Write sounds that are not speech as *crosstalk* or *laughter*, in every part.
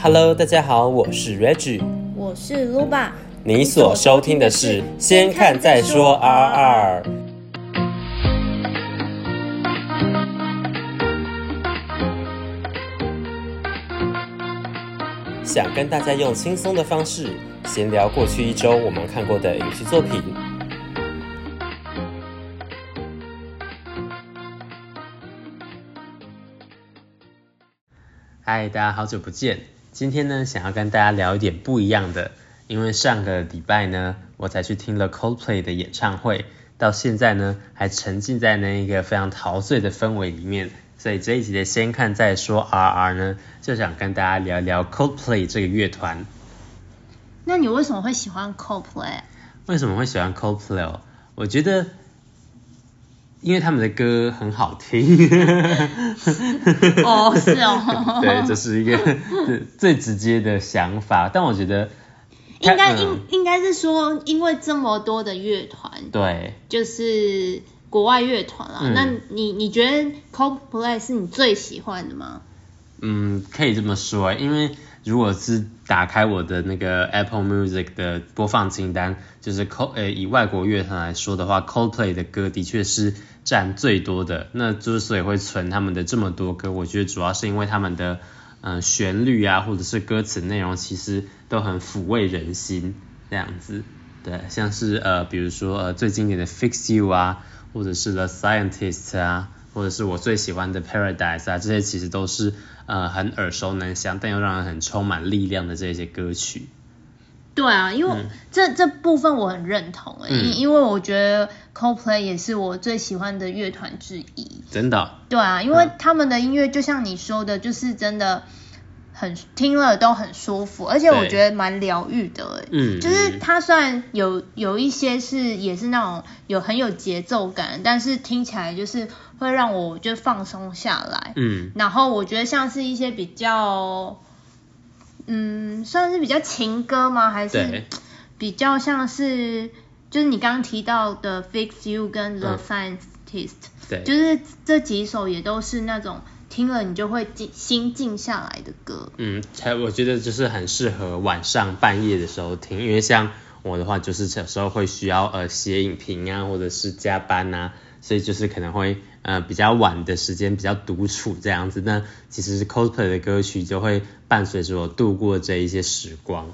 Hello，大家好，我是 Reggie，我是 Luba。你所收聽的是鮮看再說 RRR， *music* *music* 想跟大家用輕鬆的方式閒聊過去一周我們看過的影視作品。嗨，大家好久不見。今天呢，想要跟大家聊一點不一樣的，因為上個禮拜呢，我才去聽了 Coldplay 的演唱會，到現在呢，還沉浸在那一個非常陶醉的氛圍裡面，所以這一集的先看再說。R R 呢，就想跟大家聊聊 Coldplay 這個樂團。那你為什麼會喜歡 Coldplay？為什麼會喜歡 Coldplay？哦，我覺得。因為他們的歌很好聽， *laughs* 哦，是哦， *laughs* 對，這、就是一個最最直接的想法， *laughs* 但我覺得應該、嗯、應應該是說，因為這麼多的樂團，對，就是國外樂團啊，那你你覺得 Coldplay 是你最喜歡的嗎？嗯，可以這麼說、欸，因為。如果是打開我的那個 Apple Music 的播放清單，就是 Cold 以外國樂團來說的話，Coldplay 的歌的確是佔最多的。那之所以會存他們的這麼多歌，我覺得主要是因為他們的嗯、呃、旋律啊，或者是歌詞內容，其實都很撫慰人心這樣子。對，像是呃比如說呃最經典的 Fix You 啊，或者是 The Scientist 啊。或者是我最喜歡的《Paradise》啊，這些其實都是呃很耳熟能詳，但又讓人很充滿力量的這些歌曲。對啊，因為、嗯、這這部分我很認同，因、嗯、因為我覺得 Coldplay 也是我最喜歡的樂團之一。真的、哦？對啊，因為他們的音樂就像你說的，就是真的。很聽了都很舒服，而且我覺得蠻療癒的欸。嗯，就是它雖然有有一些是也是那種有很有節奏感，但是聽起來就是會讓我就放鬆下來。嗯，然後我覺得像是一些比較，嗯，算是比較情歌嗎？還是比較像是就是你剛剛提到的《Fix You》跟《The，嗯，Scientist》，對，就是這幾首也都是那種。聽了你就會靜心靜下來的歌。嗯，還我覺得就是很適合晚上半夜的時候聽，因為像我的話就是有時候會需要呃寫影評啊，或者是加班吶、啊，所以就是可能會呃比較晚的時間比較獨處這樣子。那其實 Coldplay 的歌曲就會伴隨着我度過這一些時光，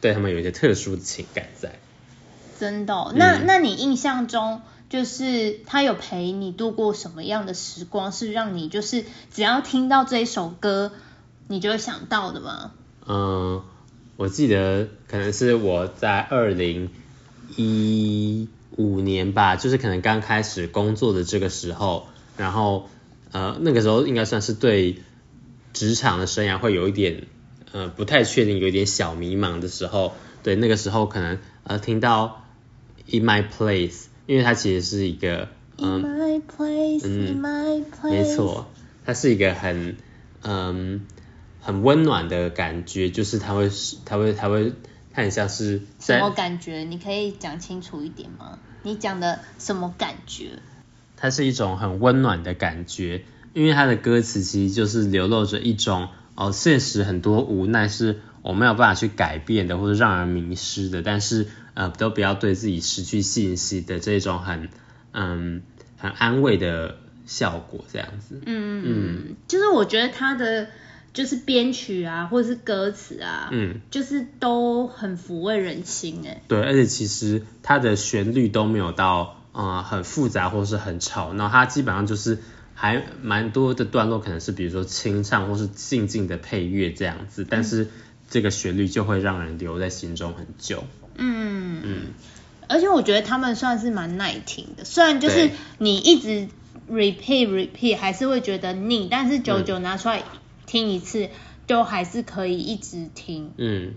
對他們有一些特殊的情感在。真的、哦！那、嗯、那，那你印象中？就是他有陪你度過什麼樣的時光，是讓你就是只要聽到這一首歌，你就會想到的嗎？嗯、呃，我記得可能是我在二零一五年吧，就是可能剛開始工作的這個時候，然後呃那個時候應該算是對職場的生涯會有一點呃不太確定，有一點小迷茫的時候。對，那個時候可能呃聽到 In My Place。因為它其實是一個，嗯，In my place, 嗯, In my place, 沒錯，它是一個很，嗯，很溫暖的感覺，就是它會，它會，它會，看一下是什麼感覺？你可以講清楚一點嗎？你講的什麼感覺？它是一種很溫暖的感覺，因為它的歌詞其實就是流露着一種，哦，現實很多無奈是我、哦、沒有辦法去改變的，或者讓人迷失的，但是。呃，都不要對自己失去信心的這種很，嗯，很安慰的效果，這樣子。嗯嗯，就是我覺得他的就是編曲啊，或者是歌詞啊，嗯，就是都很撫慰人心哎。對，而且其實它的旋律都沒有到呃很複雜或是很吵，然後它基本上就是還蠻多的段落可能是比如說清唱或是靜靜的配樂這樣子，嗯，但是這個旋律就會讓人留在心中很久。嗯，嗯，而且我覺得他們算是蠻耐聽的，雖然就是你一直 repeat repeat，還是會覺得膩，但是久久拿出來聽一次，都、嗯、還是可以一直聽。嗯，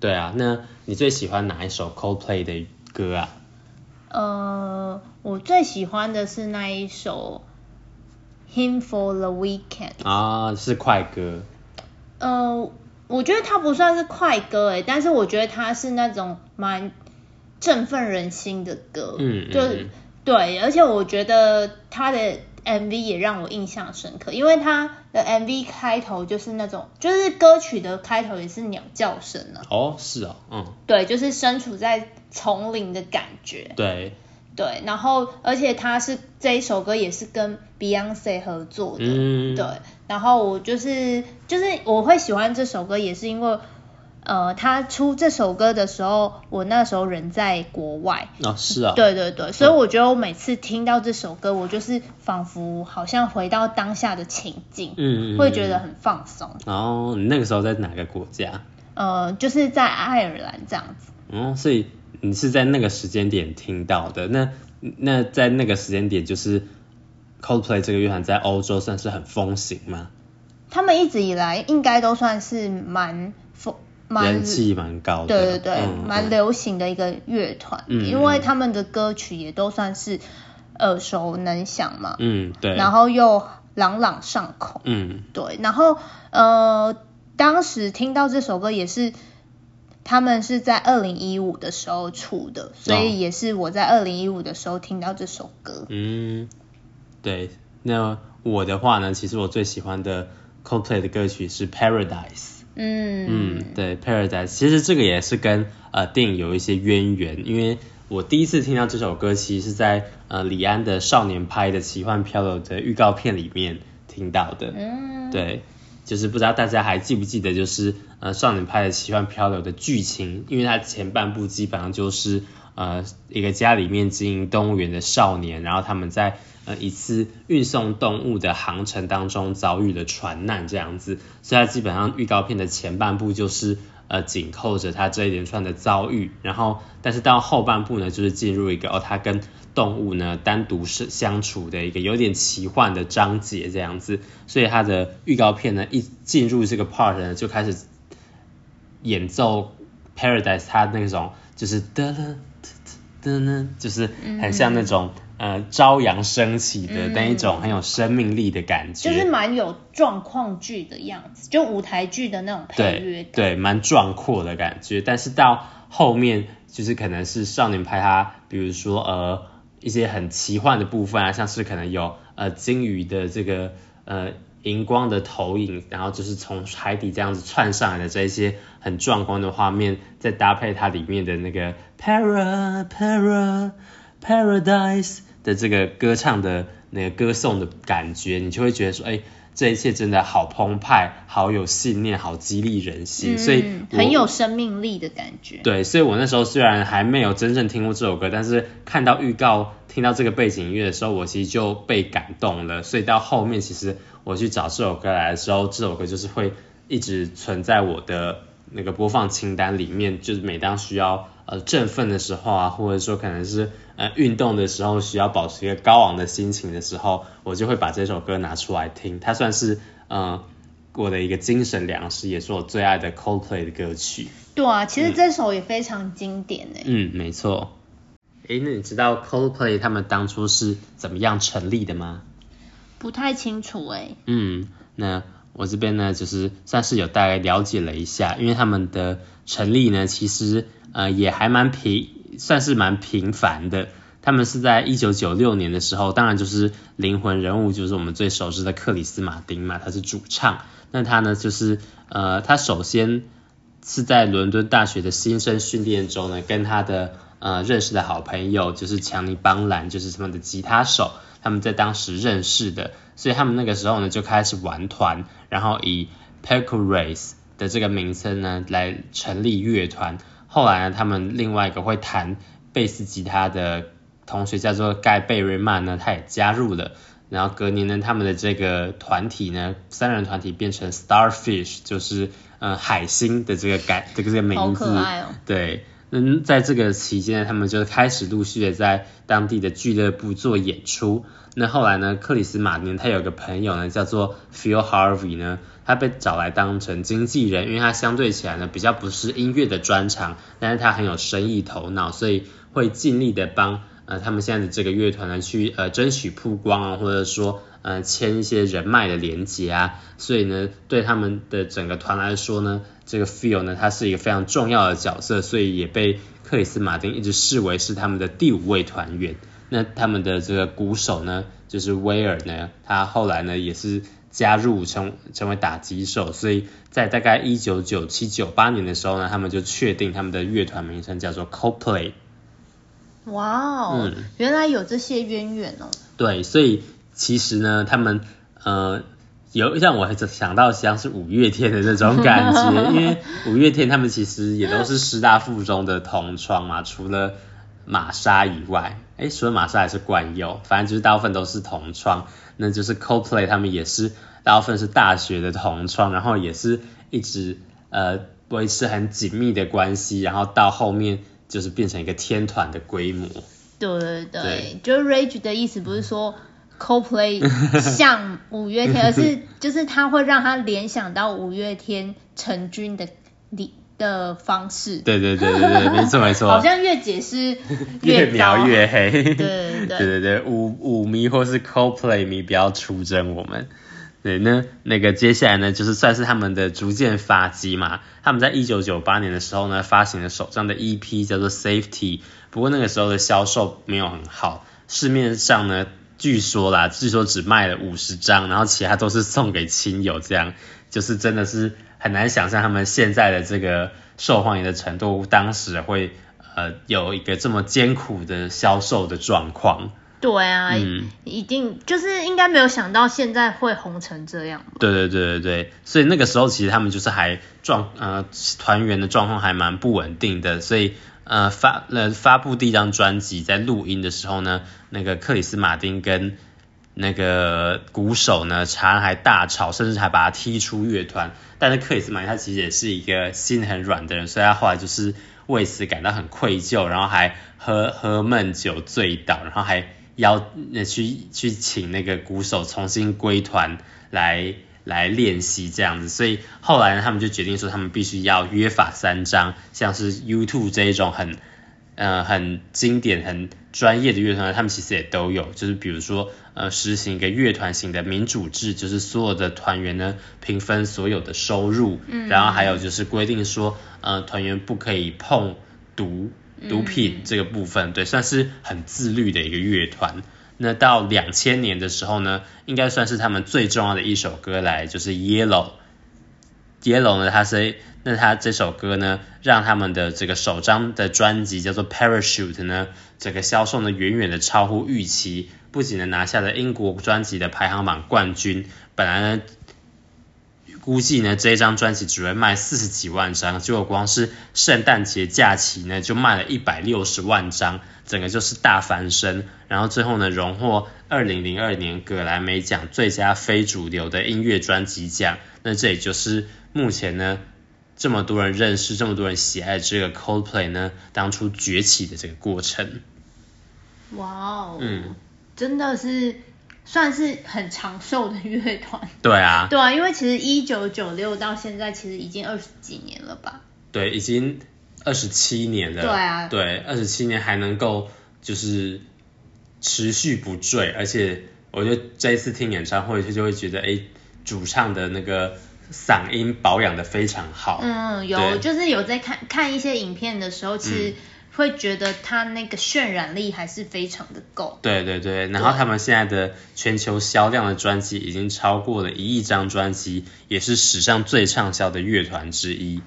對啊，那你最喜歡哪一首 Coldplay 的歌啊？呃，我最喜歡的是那一首《Hymn for the Weekend》啊，是快歌。呃。我覺得他不算是快歌哎，但是我覺得他是那種蠻振奮人心的歌，嗯，就是對，而且我覺得他的 MV 也讓我印象深刻，因為他的 MV 開頭就是那種，就是歌曲的開頭也是鳥叫聲啊，哦，是啊，嗯，對，就是身處在叢林的感覺，對，對，然後而且他是這一首歌也是跟 Beyonce 合作的，嗯，對。然後我就是就是我會喜歡這首歌，也是因為呃，他出這首歌的時候，我那時候人在國外哦，是啊、哦，對對對、嗯，所以我覺得我每次聽到這首歌，我就是仿佛好像回到當下的情境，嗯嗯，嗯，會覺得很放鬆。然後、哦、你那個時候在哪個國家？呃，就是在愛爾蘭這樣子。嗯，所以你是在那個時間點聽到的？那那在那個時間點就是。Coldplay 這個樂團在歐洲算是很風行嗎？他們一直以來應該都算是蠻風，人氣蠻高的，對對對，蠻、嗯、流行的一個樂團、嗯，因為他們的歌曲也都算是耳熟能詳嘛，嗯對，然後又朗朗上口，嗯對，然後呃當時聽到這首歌也是他們是在二零一五的時候出的，所以也是我在二零一五的時候聽到這首歌，哦、嗯。對，那我的話呢，其實我最喜歡的 Coldplay 的歌曲是 Paradise。嗯嗯，對，Paradise，其實這個也是跟呃電影有一些淵源，因為我第一次聽到這首歌，其實是在呃李安的《少年 Pi 的奇幻漂流》的預告片裡面聽到的。嗯，對，就是不知道大家還記不記得，就是呃《少年 Pi 的奇幻漂流》的劇情，因為它前半部基本上就是。呃，一個家裡面經營動物園的少年，然後他們在呃一次運送動物的航程當中遭遇了船難這樣子，所以他基本上預告片的前半部就是呃緊扣着他這一連串的遭遇，然後但是到後半部呢，就是進入一個哦，他跟動物呢單獨是相處的一個有點奇幻的章節這樣子，所以他的預告片呢一進入這個 part 呢就開始演奏 Paradise，它那種就是噠了的呢，就是很像那種、嗯、呃朝陽升起的那一種很有生命力的感覺，就是蠻有狀況劇的樣子，就舞台劇的那種配樂，對，蠻壯闊的感覺。但是到後面就是可能是少年派他，比如說呃一些很奇幻的部分啊，像是可能有呃鯨魚的這個呃熒光的投影，然後就是從海底這樣子竄上來的這一些很壯觀的畫面，再搭配它裡面的那個。Para, para, paradise Parara p a r 的這個歌唱的那個歌頌的感覺，你就會覺得說，哎、欸，這一切真的好澎湃，好有信念，好激勵人心，嗯、所以很有生命力的感覺。對，所以我那時候雖然還沒有真正聽過這首歌，但是看到預告、聽到這個背景音樂的時候，我其實就被感動了。所以到後面，其實我去找這首歌來的時候，這首歌就是會一直存在我的那個播放清單裡面，就是每當需要。呃，振奮的時候啊，或者說可能是呃運動的時候，需要保持一個高昂的心情的時候，我就會把這首歌拿出來聽。它算是呃我的一個精神糧食，也是我最愛的 Coldplay 的歌曲。對啊，其實這首也非常經典誒、欸、嗯。嗯，沒錯。哎、欸，那你知道 Coldplay 他們當初是怎麼樣成立的嗎？不太清楚誒、欸。嗯，那。我這邊呢，就是算是有大概了解了一下，因為他們的成立呢，其實呃也還蠻平，算是蠻平凡的。他們是在一九九六年的時候，當然就是靈魂人物，就是我們最熟知的克里斯馬丁嘛，他是主唱。那他呢，就是呃，他首先是在倫敦大學的新生訓練中呢，跟他的呃認識的好朋友，就是強尼邦蘭，就是他們的吉他手。他們在當時認識的，所以他們那個時候呢，就開始玩團，然後以 Pectoralz 的這個名稱呢來成立樂團。後來呢，他們另外一個會彈貝斯吉他的同學叫做蓋貝瑞曼呢，他也加入了。然後隔年呢，他們的這個團體呢，三人團體變成 Starfish，就是嗯、呃、海星的這個改這個、這個、這個名字。好可愛哦、對。那在這個期間呢，他們就開始陸續的在當地的俱樂部做演出。那後來呢，克里斯馬汀他有個朋友呢，叫做 Phil Harvey 呢，他被找來當成經紀人，因為他相對起來呢比較不是音樂的專長，但是他很有生意頭腦，所以會盡力的幫呃他們現在的這個樂團呢去呃爭取曝光啊，或者說呃簽一些人脈的連結啊。所以呢，對他們的整個團來說呢，這個 feel 呢，它是一個非常重要的角色，所以也被克里斯馬丁一直視為是他們的第五位團員。那他們的這個鼓手呢，就是威爾呢，他後來呢也是加入成成為打擊手，所以在大概一九九七、九八年的時候呢，他們就確定他們的樂團名稱叫做 Coldplay。哇、wow，哦、嗯，原來有這些淵源哦。對，所以其實呢，他們呃。有讓我想到像是五月天的這種感覺， *laughs* 因為五月天他們其實也都是師大附中的同窗嘛， *laughs* 除了瑪莎以外，哎，除了瑪莎還是冠佑，反正就是大部分都是同窗。那就是 Coldplay，他們也是大部分是大學的同窗，然後也是一直呃維持很緊密的關係，然後到後面就是變成一個天團的規模。對，對對對，就 Rage 的意思不是說。Coldplay 像五月天， *laughs* 而是就是他會讓他聯想到五月天成軍的理的方式。對對對對對， *laughs* 沒錯沒錯。好像越解釋越描越黑。 *laughs* 對對對對，五五迷或是 Coldplay 迷不要出征我們。對，那那個接下來呢，就是算是他們的逐漸發跡嘛。他們在一九九八年的時候呢，發行了首張的 EP 叫做 Safety，不過那個時候的銷售沒有很好，市面上呢。據說啦，據說只賣了五十張，然後其他都是送給親友，這樣就是真的是很難想象他們現在的這個受歡迎的程度，當時會呃有一個這麼艱苦的銷售的狀況。對啊，嗯，一定就是應該沒有想到現在會紅成這樣。對對對對對，所以那個時候其實他們就是還狀呃團員的狀況還蠻不穩定的，所以。呃，發，呃發佈第一張專輯在錄音的時候呢，那個克里斯馬丁跟那個鼓手呢，常常還大吵，甚至還把他踢出樂團。但是克里斯馬丁他其實也是一個心很軟的人，所以他後來就是為此感到很愧疚，然後還喝喝悶酒醉倒，然後還邀那去去請那個鼓手重新歸團來。來練習這樣子，所以後來呢，他們就決定說，他們必須要約法三章，像是 U2 這一種很呃很經典、很專業的樂團，他們其實也都有，就是比如說呃實行一個樂團型的民主制，就是所有的團員呢平分所有的收入，嗯，然後還有就是規定說呃團員不可以碰毒毒品這個部分，嗯，對，算是很自律的一個樂團。那到兩千年的時候呢，應該算是他們最重要的一首歌來，就是《Yellow》。《Yellow》呢，它是那它這首歌呢，讓他們的這個首張的專輯叫做《Parachute》呢，這個銷售呢遠遠的超乎預期，不僅能拿下了英國專輯的排行榜冠軍，本來呢。估計呢，這張專輯只會賣四十幾萬張，結果光是聖誕節假期呢，就賣了一百六十萬張，整個就是大翻身。然後最後呢，榮獲二零零二年格萊美獎最佳非主流的音樂專輯獎。那這也就是目前呢，這麼多人認識、這麼多人喜愛這個 Coldplay 呢，當初崛起的這個過程。哇哦，嗯，真的是。算是很長壽的樂團，對啊， *laughs* 對啊，因為其實一九九六到現在其實已經二十幾年了吧，對，已經二十七年了。對啊，對，二十七年還能夠就是持續不墜，而且我覺得這一次聽演唱會，就就會覺得，哎、欸，主唱的那個嗓音保養的非常好，嗯，有，就是有在看看一些影片的時候、嗯，其實會覺得他那個渲染力，還是非常的夠。對對對，對，然後他們現在的全球銷量的專輯已經超過了一億張專輯，也是史上最暢銷的樂團之一。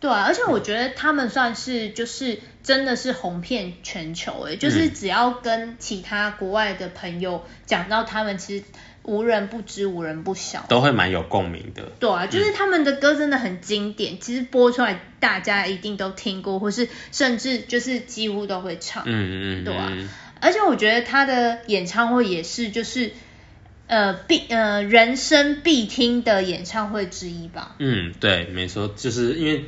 對啊，而且我覺得他們算是就是真的是紅遍全球欸、嗯、就是只要跟其他國外的朋友講到他們其實。無人不知，無人不曉，都會蠻有共鳴的。對啊，就是他們的歌真的很經典，嗯，其實播出來大家一定都聽過，或是甚至就是幾乎都會唱。嗯嗯嗯，嗯，嗯，對啊。而且我覺得他的演唱會也是，就是呃必呃人生必聽的演唱會之一吧。嗯，對，沒錯，就是因為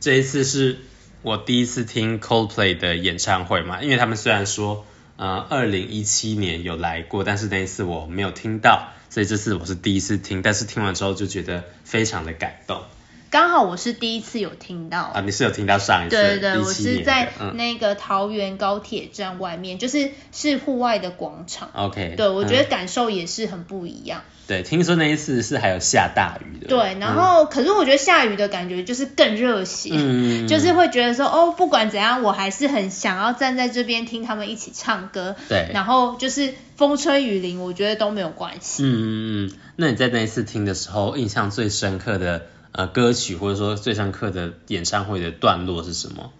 這一次是我第一次聽 Coldplay 的演唱會嘛，因為他們雖然說。呃，二零一七年有來過，但是那一次我沒有聽到，所以這次我是第一次聽，但是聽完之後就覺得非常的感動。剛好我是第一次有聽到啊，你是有聽到上一次，對對、對的，我是在那個桃園高鐵站外面，嗯、就是是戶外的廣場。OK，對、嗯、我覺得感受也是很不一樣。對，聽說那一次是還有下大雨的，對，然後、嗯、可是我覺得下雨的感覺就是更熱血、嗯，就是會覺得說哦，不管怎樣，我還是很想要站在這邊聽他們一起唱歌。對，然後就是風吹雨淋，我覺得都沒有關係。嗯嗯嗯，那你在那一次聽的時候，印象最深刻的？呃，歌曲或者說最深刻的演唱會的段落是什麼？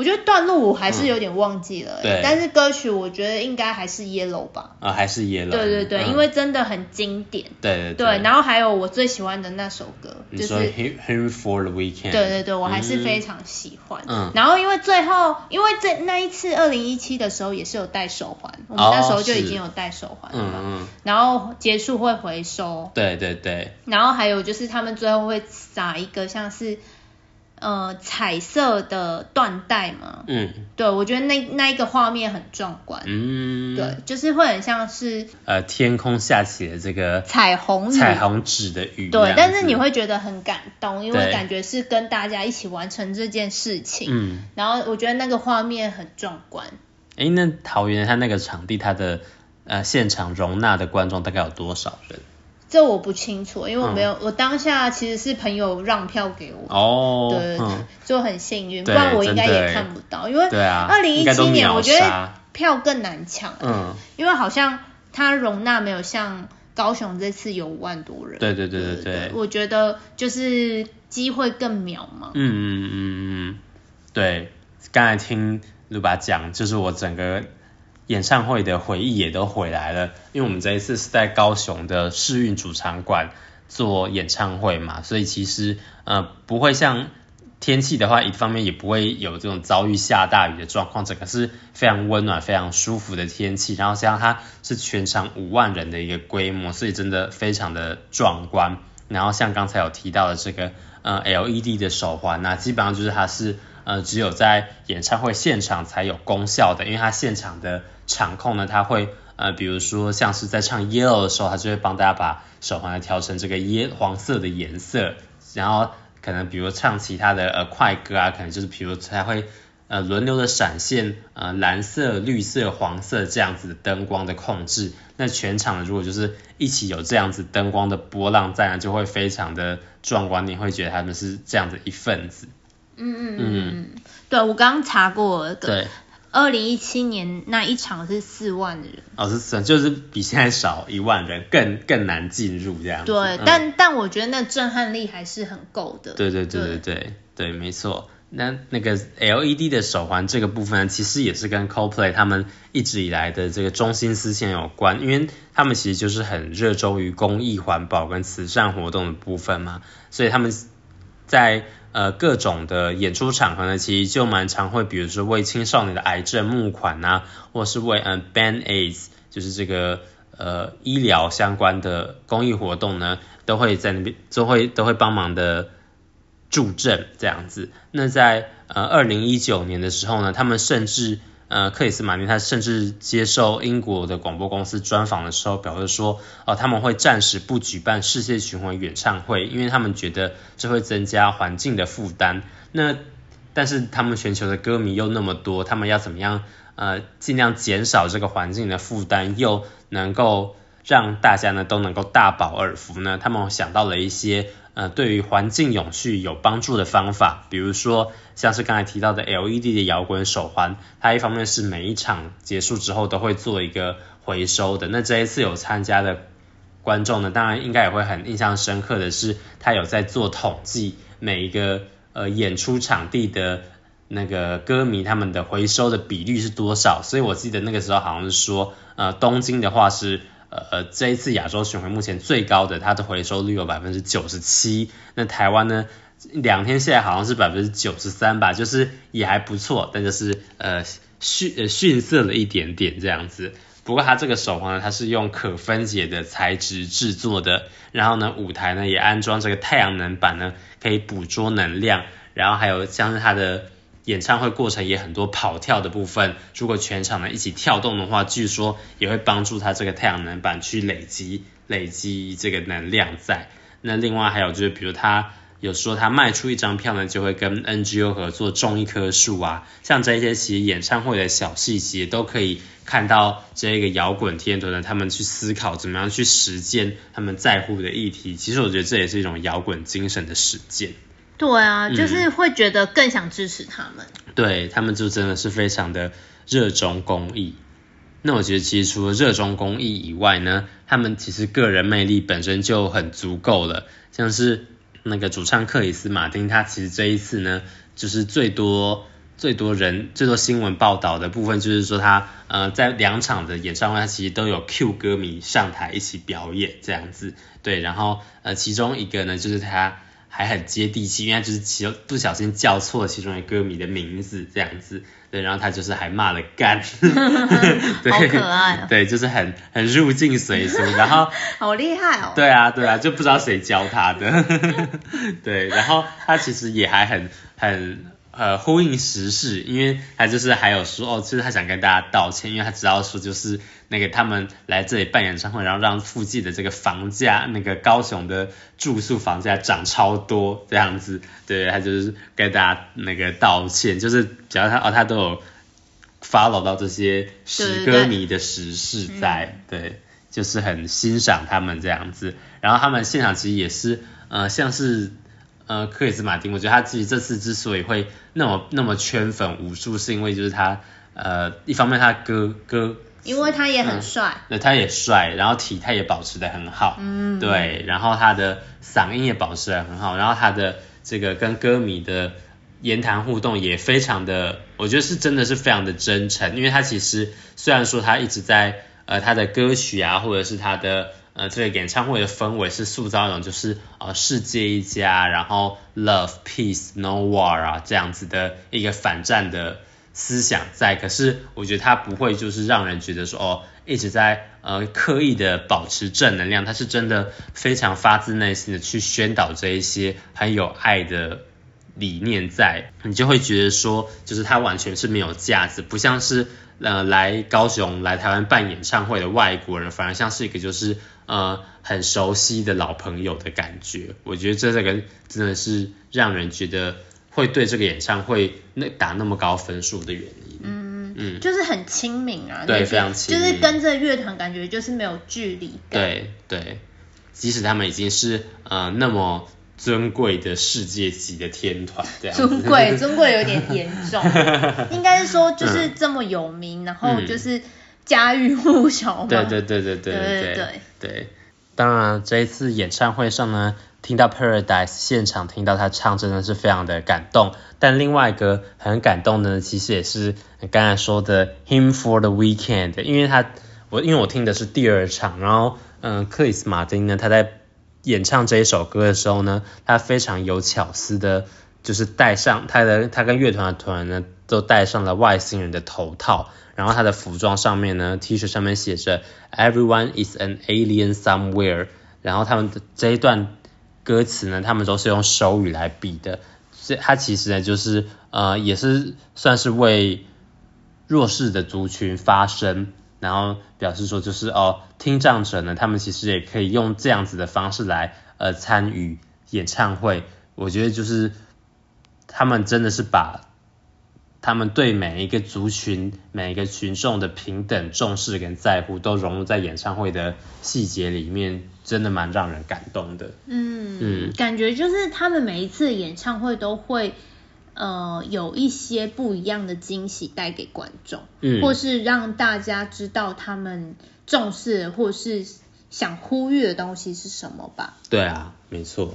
我覺得段落我還是有點忘記了、欸嗯，但是歌曲我覺得應該還是 Yellow 吧。啊，還是 Yellow。對對對、嗯，因為真的很經典。對對對，對，然後還有我最喜歡的那首歌，就是《Hymn for the Weekend》。對對對，我還是非常喜歡。嗯。然後因為最後，因為這那一次二零一七的時候也是有戴手環，我們那時候就已經有戴手環了、哦。然後結束會回收。對，對對對。然後還有就是他們最後會撒一個像是。呃，彩色的緞帶嗎？嗯，對，我覺得那那一個畫面很壯觀，嗯，對，就是會很像是呃天空下起了這個彩虹彩虹紙的雨，對，但是你會覺得很感動，因為感覺是跟大家一起完成這件事情，嗯，然後我覺得那個畫面很壯觀。哎、嗯欸，那桃園它那個場地，它的呃現場容納的觀眾大概有多少人？這我不清楚，因為我沒有、嗯，我當下其實是朋友讓票給我，哦、對對對、嗯，就很幸運，不然我應該也，也看不到，因為對啊、二零一七年我覺得票更難搶，嗯，因為好像它容納沒有像高雄這次有五萬多人，對對對對對，對，對對，我覺得就是機會更渺茫，嗯嗯嗯嗯，對，剛才聽露巴講，就是我整個。演唱會的回憶也都回來了，因為我們這一次是在高雄的世運主場館做演唱會嘛，所以其實呃不會像天氣的話，一方面也不會有這種遭遇下大雨的狀況，整個是非常溫暖、非常舒服的天氣。然後像它是全場五萬人的一個規模，所以真的非常的壯觀。然後像剛才有提到的這個呃 LED 的手環、啊，那基本上就是它是呃只有在演唱會現場才有功效的，因為它現場的。場控呢，他會呃，比如說像是在唱 Yellow 的時候，他就會幫大家把手環來調成這個耶黃色的顏色，然後可能比如唱其他的呃快歌啊，可能就是比如他會呃輪流的閃現呃藍色、綠色、黃色這樣子燈光的控制，那全場的如果就是一起有這樣子燈光的波浪在呢，就會非常的壯觀，你會覺得他們是這樣的一份子。嗯嗯嗯嗯，對，我剛剛查過，這個。對。二零一七年那一場是四萬人，哦是是，就是比現在少一萬人更，更更難進入這樣子。對，嗯、但但我覺得那震撼力還是很夠的。對對對對對對，沒錯。那那個 L E D 的手環這個部分其實也是跟 Coldplay 他們一直以來的這個中心思想有關，因為他們其實就是很熱衷於公益環保跟慈善活動的部分嘛，所以他們在，呃，各種的演出場合呢，其實就蠻常會，比如說為青少年的癌症募款啊，或是為、呃、Band Aids，就是這個呃醫療相關的公益活動呢，都會在那邊都會都會幫忙的助陣這樣子。那在呃二零一九年的時候呢，他們甚至。呃，克里斯·馬丁他甚至接受英國的廣播公司專訪的時候表示說，哦、呃，他們會暫時不舉辦世界巡迴演唱會，因為他們覺得這會增加環境的負擔。那但是他們全球的歌迷又那麼多，他們要怎麼樣呃，盡量減少這個環境的負擔，又能夠讓大家呢都能夠大飽耳福呢？他們想到了一些。呃，對於環境永續有幫助的方法，比如說像是剛才提到的 LED 的搖滾手環，它一方面是每一場結束之後都會做一個回收的。那這一次有參加的觀眾呢，當然應該也會很印象深刻的是，他有在做統計每一個呃演出場地的那個歌迷他們的回收的比率是多少。所以我記得那個時候好像是說，呃，東京的話是。呃，這一次亞洲巡回目前最高的，它的回收率有百分之九十七，那台灣呢，兩天下來好像是百分之九十三吧，就是也還不錯，但就是呃遜呃遜色了一點點這樣子。不過它這個手環呢，它是用可分解的材質制作的，然後呢，舞台呢也安裝這個太陽能板呢，可以捕捉能量，然後還有像是它的。演唱會過程也很多跑跳的部分，如果全場呢一起跳動的話，據說也會幫助他這個太陽能板去累積累積這個能量在。那另外還有就是，比如他有時候他賣出一張票呢，就會跟 NGO 合作種一棵樹啊。像這些其實演唱會的小細節，都可以看到這個搖滾天團的他們去思考怎麼樣去實踐他們在乎的議題。其實我覺得這也是一種搖滾精神的實踐。對啊，就是會覺得更想支持他們。嗯、對，他們就真的是非常的熱衷公益。那我覺得其實除了熱衷公益以外呢，他們其實個人魅力本身就很足夠了。像是那個主唱克里斯馬丁，他其實這一次呢，就是最多最多人最多新聞報道的部分，就是說他呃在兩場的演唱會，他其實都有 Q 歌迷上台一起表演這樣子。對，然後呃其中一個呢就是他。還很接地氣，因為他就是其中不小心叫錯其中一歌迷的名字這樣子，對，然後他就是還罵了幹， *laughs* *laughs* 對，好可愛啊，對，就是很很入境隨俗，然後 *laughs* 好厲害哦，對啊對啊，就不知道誰教他的， *laughs* *laughs* 對，然後他其實也還很很。呃，呼應時事，因為他就是還有說哦，其、就、實、是、他想跟大家道歉，因為他知道說就是那個他們來這裡辦演唱會，然後讓附近的這個房價，那個高雄的住宿房價漲超多這樣子，對，他就是跟大家那個道歉，就是只要他哦，他都有 follow 到這些死歌迷的時事在，對對對對，對，就是很欣賞他們這樣子，然後他們現場其實也是嗯、呃，像是。呃，克里斯·馬丁，我覺得他自己這次之所以會那麼那麼圈粉無數，是因為就是他呃，一方面他歌、歌，因為他也很帥，那、嗯、他也帥，然後體態也保持得很好，嗯，對，然後他的嗓音也保持得很好，然後他的這個跟歌迷的言談互動也非常的，我覺得是真的是非常的真誠，因為他其實雖然說他一直在呃他的歌曲啊，或者是他的。呃，這個演唱會的氛圍是塑造一種就是呃世界一家，然後 love peace no war 啊這樣子的一個反戰的思想在。可是我覺得他不會就是讓人覺得說哦一直在呃刻意的保持正能量，他是真的非常發自內心的去宣導這一些很有愛的理念在，你就會覺得說就是他完全是沒有架子，不像是。呃，來高雄來台灣辦演唱會的外國人，反而像是一個就是呃很熟悉的老朋友的感覺。我覺得這，這個真的是讓人覺得會對這個演唱會那打那麼高分數的原因。嗯嗯，就是很親民啊，對，那個、非常親民，就是跟着樂團感覺就是沒有距離感。對對，即使他們已經是呃那麼。尊貴的世界級的天團， *laughs* 尊貴，尊貴有點嚴重， *laughs* 應該是說就是這麼有名， *laughs* 嗯、然後就是家喻戶曉嘛、嗯。對對對對對對對，對。對，當然這一次演唱會上呢，聽到 Paradise 現場聽到他唱真的是非常的感動。但另外一個很感動的呢，其實也是剛才說的 Hymn for the Weekend，因為他我因為我聽的是第二場，然後嗯、呃，克里斯馬丁呢他在。演唱這一首歌的時候呢，他非常有巧思的，就是戴上他的他跟樂團的團員呢，都戴上了外星人的頭套，然後他的服裝上面呢，T 恤上面寫着 “Everyone is an alien somewhere”，然後他們的這一段歌詞呢，他們都是用手語來比的，所以他其實呢，就是呃，也是算是為弱勢的族群發聲。然後表示說，就是哦，聽障者呢，他們其實也可以用這樣子的方式來呃參與演唱會。我覺得就是他們真的是把他們對每一個族群、每一個群眾的平等重視跟在乎，都融入在演唱會的細節裡面，真的蠻讓人感動的。嗯嗯，感覺就是他們每一次演唱會都會。呃，有一些不一樣的驚喜帶給觀眾，嗯，或是讓大家知道他們重視或是想呼籲的東西是什麼吧？對啊，沒錯。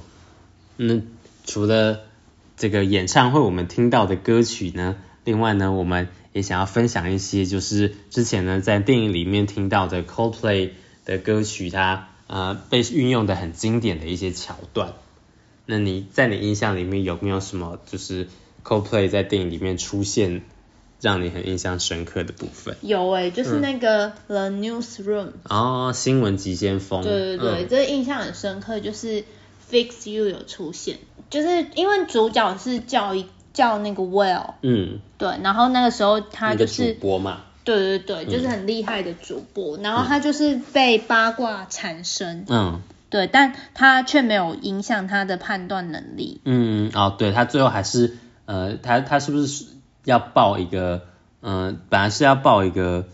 那除了這個演唱會我們聽到的歌曲呢？另外呢，我們也想要分享一些，就是之前呢在電影裡面聽到的 Coldplay 的歌曲，它啊、呃、被運用的很經典的一些橋段。那你在你印象裡面有沒有什麼就是？CoPlay 在電影裡面出現讓你很印象深刻的部分，有哎、欸，就是那個、嗯、The Newsroom 哦，新聞急先鋒。對對對，嗯、這個、印象很深刻，就是 Fix You 有出現，就是因為主角是叫一叫那個 w e l l 嗯，對，然後那個時候他就是主播嘛，對對對，就是很厲害的主播、嗯，然後他就是被八卦產生，嗯，對，但他卻沒有影響他的判斷能力，嗯，哦，對他最後還是。呃，他他是不是要報一個？嗯、呃，本來是要報一個，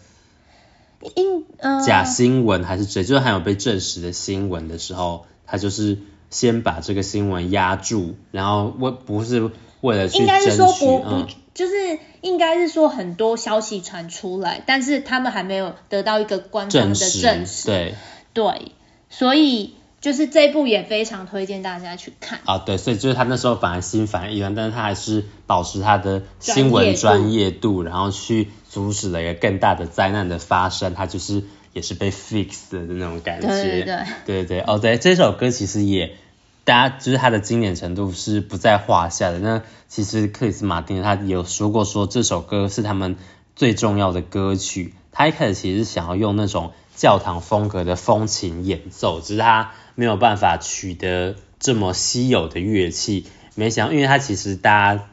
假新聞還是 In,、uh, 就是還有被證實的新聞的時候，他就是先把這個新聞壓住，然後為不是為了去爭取應該說不、嗯，就是應該是說很多消息傳出來，但是他們還沒有得到一個官方的證實，證實對對，所以。就是這一部也非常推薦大家去看啊，對，所以就是他那時候反而心煩意亂，但是他還是保持他的新聞專業、專業度，然後去阻止了一個更大的災難的發生，他就是也是被 fix 了的那種感覺，對對對、對、對、對，哦對，這首歌其實也大家就是它的經典程度是不在話下的。那其實克里斯馬丁他有說過說這首歌是他們最重要的歌曲，他一開始其實想要用那種。教堂風格的風琴演奏，只是他沒有辦法取得這麼稀有的樂器。沒想到，因為他其實大家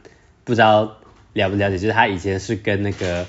不知道了不了解，就是他以前是跟那個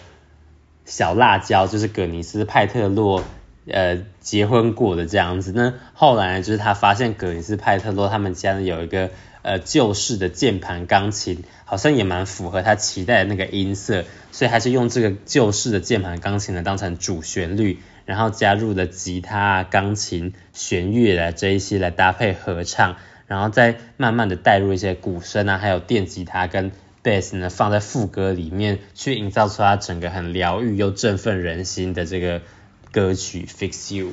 小辣椒，就是葛尼斯派特洛呃結婚過的這樣子，那後來就是他發現葛尼斯派特洛他們家有一個呃舊式的鍵盤鋼琴，好像也蠻符合他期待的那個音色，所以還是用這個舊式的鍵盤鋼琴呢，當成主旋律。然後加入了吉他、鋼琴、弦樂的這一些來搭配合唱，然後再慢慢的帶入一些鼓聲啊，還有電吉他跟 bass 呢，放在副歌裡面，去營造出它整個很療癒又振奮人心的這個歌曲《Fix You》。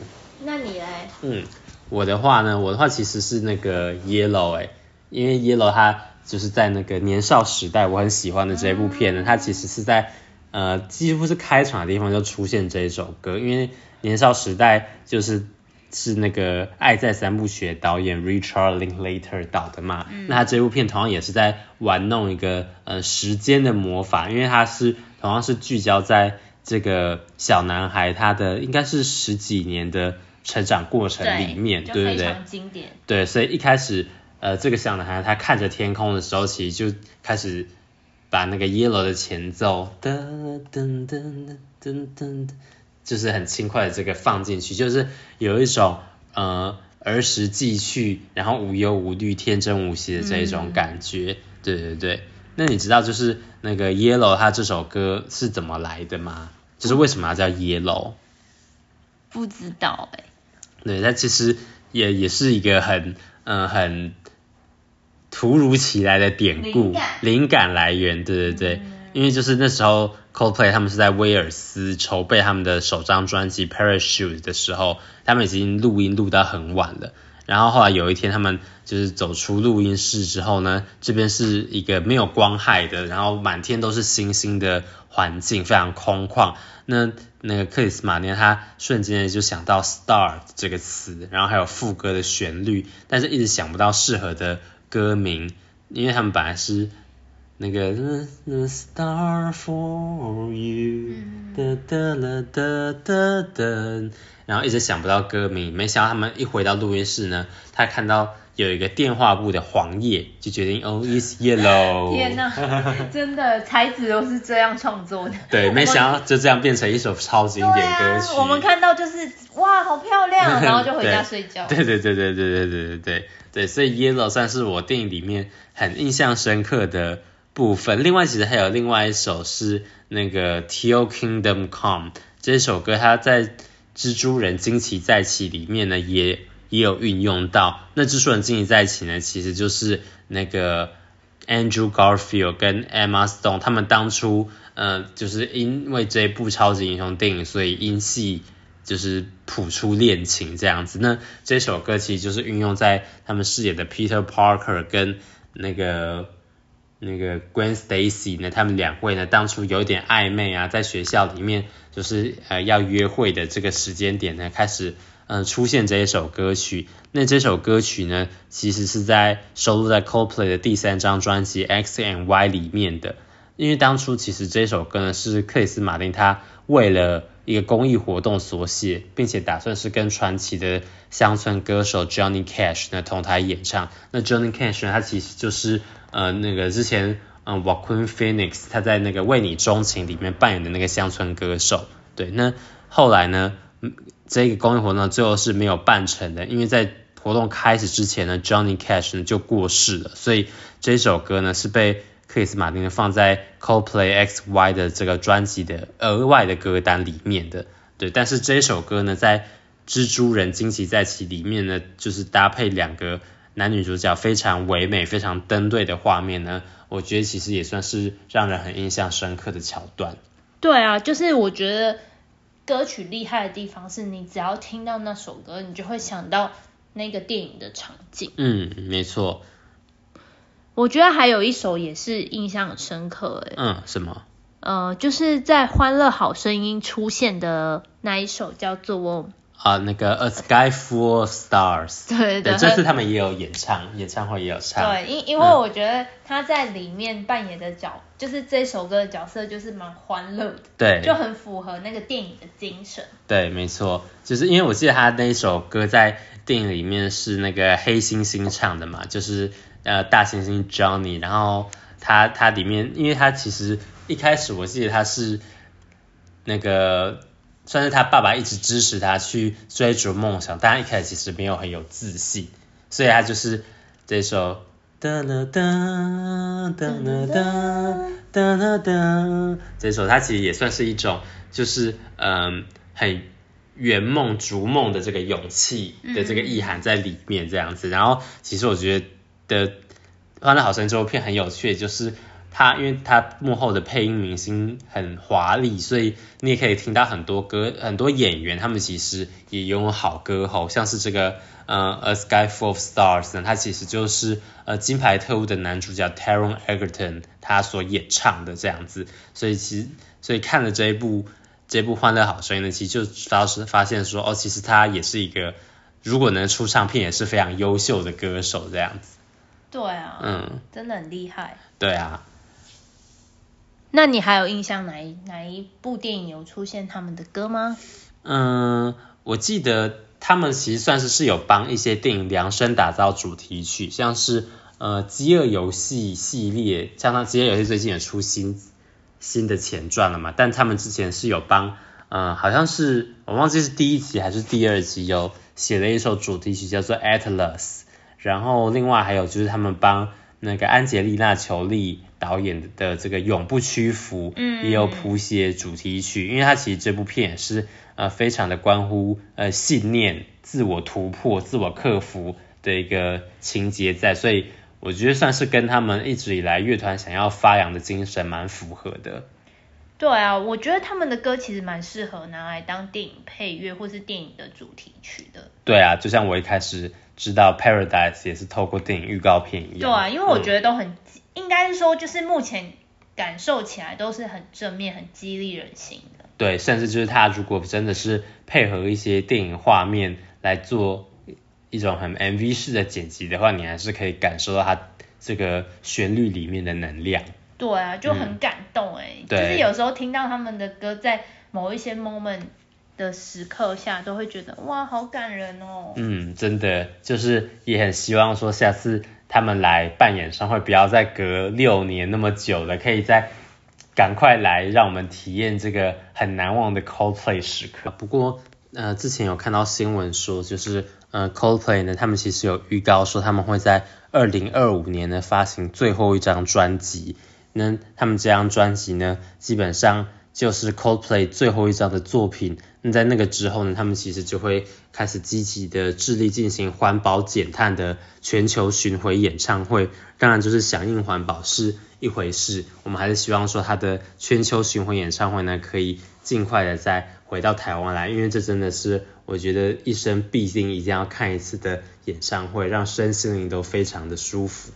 那你嘞？嗯，我的話呢，我的話其實是那個《Yellow》欸，因為《Yellow》它就是在那個年少時代我很喜歡的這一部片呢，它其實是在呃幾乎是開場的地方就出現這一首歌，因為。年少時代就是是那個《愛在三部曲》導演 Richard Linklater 導的嘛、嗯，那他這部片同樣也是在玩弄一個呃時間的魔法，因為他是同樣是聚焦在這個小男孩他的應該是十幾年的成長過程裡面，對對對，經典，對，所以一開始呃這個小男孩他看着天空的時候，其實就開始把那個《Yellow》的前奏，噔噔噔噔噔噔。就是很輕快的這個放進去，就是有一種呃兒時記憶，然後無憂無慮、天真無邪的這一種感覺、嗯，對對對。那你知道就是那個 Yellow 它這首歌是怎麼來的嗎？就是為什麼要叫 Yellow？、嗯、不知道哎、欸。對，它其實也也是一個很嗯、呃、很突如其來的典故靈感，感來源，對對對。嗯因為就是那時候，Coldplay 他們是在威爾斯籌備他們的首張專輯《Parachute》的時候，他們已經錄音錄到很晚了。然後後來有一天，他們就是走出錄音室之後呢，這邊是一個沒有光害的，然後滿天都是星星的環境，非常空曠。那那個克里斯馬汀他瞬間就想到 “star” 這個詞，然後還有副歌的旋律，但是一直想不到適合的歌名，因為他們本來是。那個 The Star for You，噠噠了噠噠噠，然後一直想不到歌名，沒想到他們一回到錄音室呢，他看到有一個電話簿的黃頁，就決定 Oh It's Yellow。天哪，啊，真的才子都是這樣創作的。 *laughs* 對，沒想到就這樣變成一首超級經典歌曲，啊。我們看到就是哇，好漂亮，喔，然後就回家睡覺。 *laughs* 對，對對對對對對對對對，對，所以 Yellow 算是我電影裡面很印象深刻的。部分，另外其實還有另外一首是那個《Till Kingdom Come》這首歌，它在《蜘蛛人驚奇再起》裡面呢也也有運用到。那《蜘蛛人驚奇再起》呢，其實就是那個 Andrew Garfield 跟 Emma Stone 他們當初嗯、呃，就是因為這部超級英雄電影，所以因戲就是譜出戀情這樣子。那這首歌其實就是運用在他們飾演的 Peter Parker 跟那個。那個 Gwen Stacy 呢，他們兩位呢，當初有點曖昧啊，在學校裡面就是呃要約會的這個時間點呢，開始嗯、呃、出現這一首歌曲。那這首歌曲呢，其實是在收錄在 Coldplay 的第三張專輯 X and Y 裡面的。因為當初其實這首歌呢，是克里斯馬丁他為了一個公益活動所寫，並且打算是跟傳奇的鄉村歌手 Johnny Cash 呢同台演唱。那 Johnny Cash 呢，他其實就是呃那個之前嗯、呃、Joaquin Phoenix 他在那個為你鍾情裡面扮演的那個鄉村歌手。對，那後來呢，這個公益活動最後是沒有辦成的，因為在活動開始之前呢，Johnny Cash 呢就過世了，所以這首歌呢是被克里斯馬丁放在 Coldplay X Y 的這個專輯的額外的歌單裡面的，對，但是這首歌呢，在《蜘蛛人驚奇再起》裡面呢，就是搭配兩個男女主角非常唯美、非常登對的畫面呢，我覺得其實也算是讓人很印象深刻的橋段。對啊，就是我覺得歌曲厲害的地方是你只要聽到那首歌，你就會想到那個電影的場景。嗯，沒錯。我覺得還有一首也是印象很深刻哎。嗯，什麼？呃，就是在《歡樂好聲音》出現的那一首叫做。啊，那個 A Sky Full of Stars。對對，這次他們也有演唱，演唱會也有唱。對，因、嗯、因為我覺得他在裡面扮演的角，就是這首歌的角色就是蠻歡樂的。對。就很符合那個電影的精神。對，沒錯，就是因為我記得他那一首歌在電影裡面是那個黑猩猩唱的嘛，就是。呃，大猩猩 Johnny，然後他他裡面，因為他其實一開始我記得他是那個算是他爸爸一直支持他去追逐夢想，但一開始其實沒有很有自信，所以他就是這首噠啦噠噠啦噠噠啦噠，這首他其實也算是一種就是嗯，很圓夢逐夢的這個勇氣的這個意涵在裡面、嗯、這樣子，然後其實我覺得。的《歡樂好聲音》這部片很有趣，就是他，因為他幕後的配音明星很華麗，所以你也可以聽到很多歌，很多演員他們其實也擁有好歌喉，像是這個呃《A Sky Full of Stars》呢，他其實就是呃《金牌特務》的男主角 Taron Egerton 他所演唱的這樣子。所以其實，所以看了這一部，這部《歡樂好聲音》呢，其實就當時發現說，哦，其實他也是一個，如果能出唱片也是非常優秀的歌手這樣子。對啊，嗯，真的很厲害。對啊，那你還有印象哪一哪一部電影有出現他們的歌嗎？嗯，我記得他們其實算是是有幫一些電影量身打造主題曲，像是呃《飢餓遊戲》系列，加上《飢餓遊戲》最近也出新新的前傳了嘛，但他們之前是有幫，嗯、呃，好像是我忘記是第一集還是第二集，有寫了一首主題曲叫做《Atlas》。然後，另外還有就是他們幫那個安潔莉娜·裘莉導演的這個《永不屈服》，嗯，也有譜寫主題曲，嗯，因為它其實這部片是呃非常的關乎呃信念、自我突破、自我克服的一個情節在，所以我覺得算是跟他們一直以來樂團想要發揚的精神蠻符合的。對啊，我覺得他們的歌其實蠻適合拿來當電影配樂或是電影的主題曲的。對啊，就像我一開始。知道 Paradise 也是透過電影預告片一樣，對啊，因為我覺得都很，嗯、應該是說就是目前感受起來都是很正面、很激勵人心的。對，甚至就是他如果真的是配合一些電影畫面來做一種很 MV 式的剪輯的話，你還是可以感受到他這個旋律裡面的能量。對啊，就很感動哎、欸嗯，就是有時候聽到他們的歌，在某一些 moment。的時刻下都會覺得哇好感人哦，嗯，真的就是也很希望說下次他們來辦演唱會不要再隔六年那麼久了，可以再趕快來讓我們體驗這個很難忘的 Coldplay 時刻。不過呃之前有看到新聞說就是呃 Coldplay 呢，他們其實有預告說他們會在二零二五年呢發行最後一張專輯，那他們這張專輯呢基本上。就是 Coldplay 最後一張的作品，那在那個之後呢，他們其實就會開始積極的致力進行環保減碳的全球巡迴演唱會。當然，就是響應環保是一回事，我們還是希望說他的全球巡迴演唱會呢，可以儘快的再回到台灣來，因為這真的是我覺得一生必定一定要看一次的演唱會，讓身心靈都非常的舒服。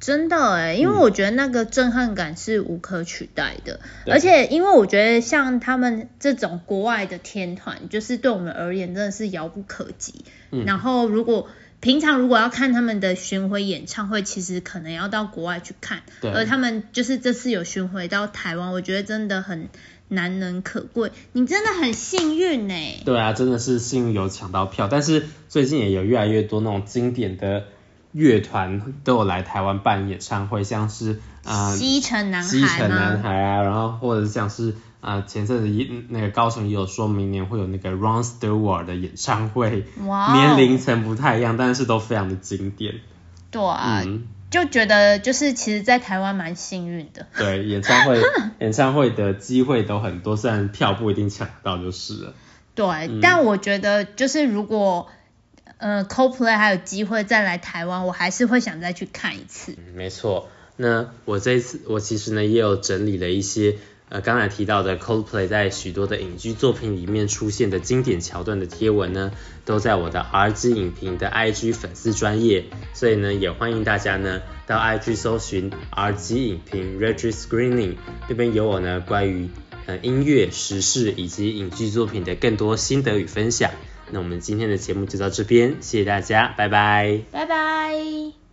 真的哎、欸，因為我覺得那個震撼感是無可取代的，嗯、而且因為我覺得像他們這種國外的天團，就是對我們而言真的是遙不可及、嗯。然後如果平常如果要看他們的巡回演唱會，其實可能要到國外去看。對，而他們就是這次有巡回到台灣，我覺得真的很難能可貴。你真的很幸運哎、欸。對啊，真的是幸運有搶到票，但是最近也有越來越多那種經典的。樂團都有來台灣辦演唱會，像是啊、呃、西城男孩西城男孩啊，然後或者是像是啊、呃、前陣子一那個高雄也有說明年會有那個 Rod Stewart 的演唱會，哇、wow，年齡層不太一樣，但是都非常的經典。對、啊，嗯，就覺得就是其實，在台灣蠻幸運的。對，演唱會 *laughs* 演唱會的機會都很多，雖然票不一定搶到，就是了。對、嗯，但我覺得就是如果。呃、嗯、Coldplay 還有機會再來台灣，我還是會想再去看一次。嗯、沒錯，那我這一次我其實呢也有整理了一些呃剛才提到的 Coldplay 在許多的影劇作品裡面出現的經典橋段的貼文呢，都在我的 RG 影評的 IG 粉絲專頁，所以呢也歡迎大家呢到 IG 搜尋 RG 影評 RG Screening，那邊有我呢關於呃音樂、時事以及影劇作品的更多心得與分享。那我們今天的節目就到這邊，謝謝大家，拜拜，拜拜。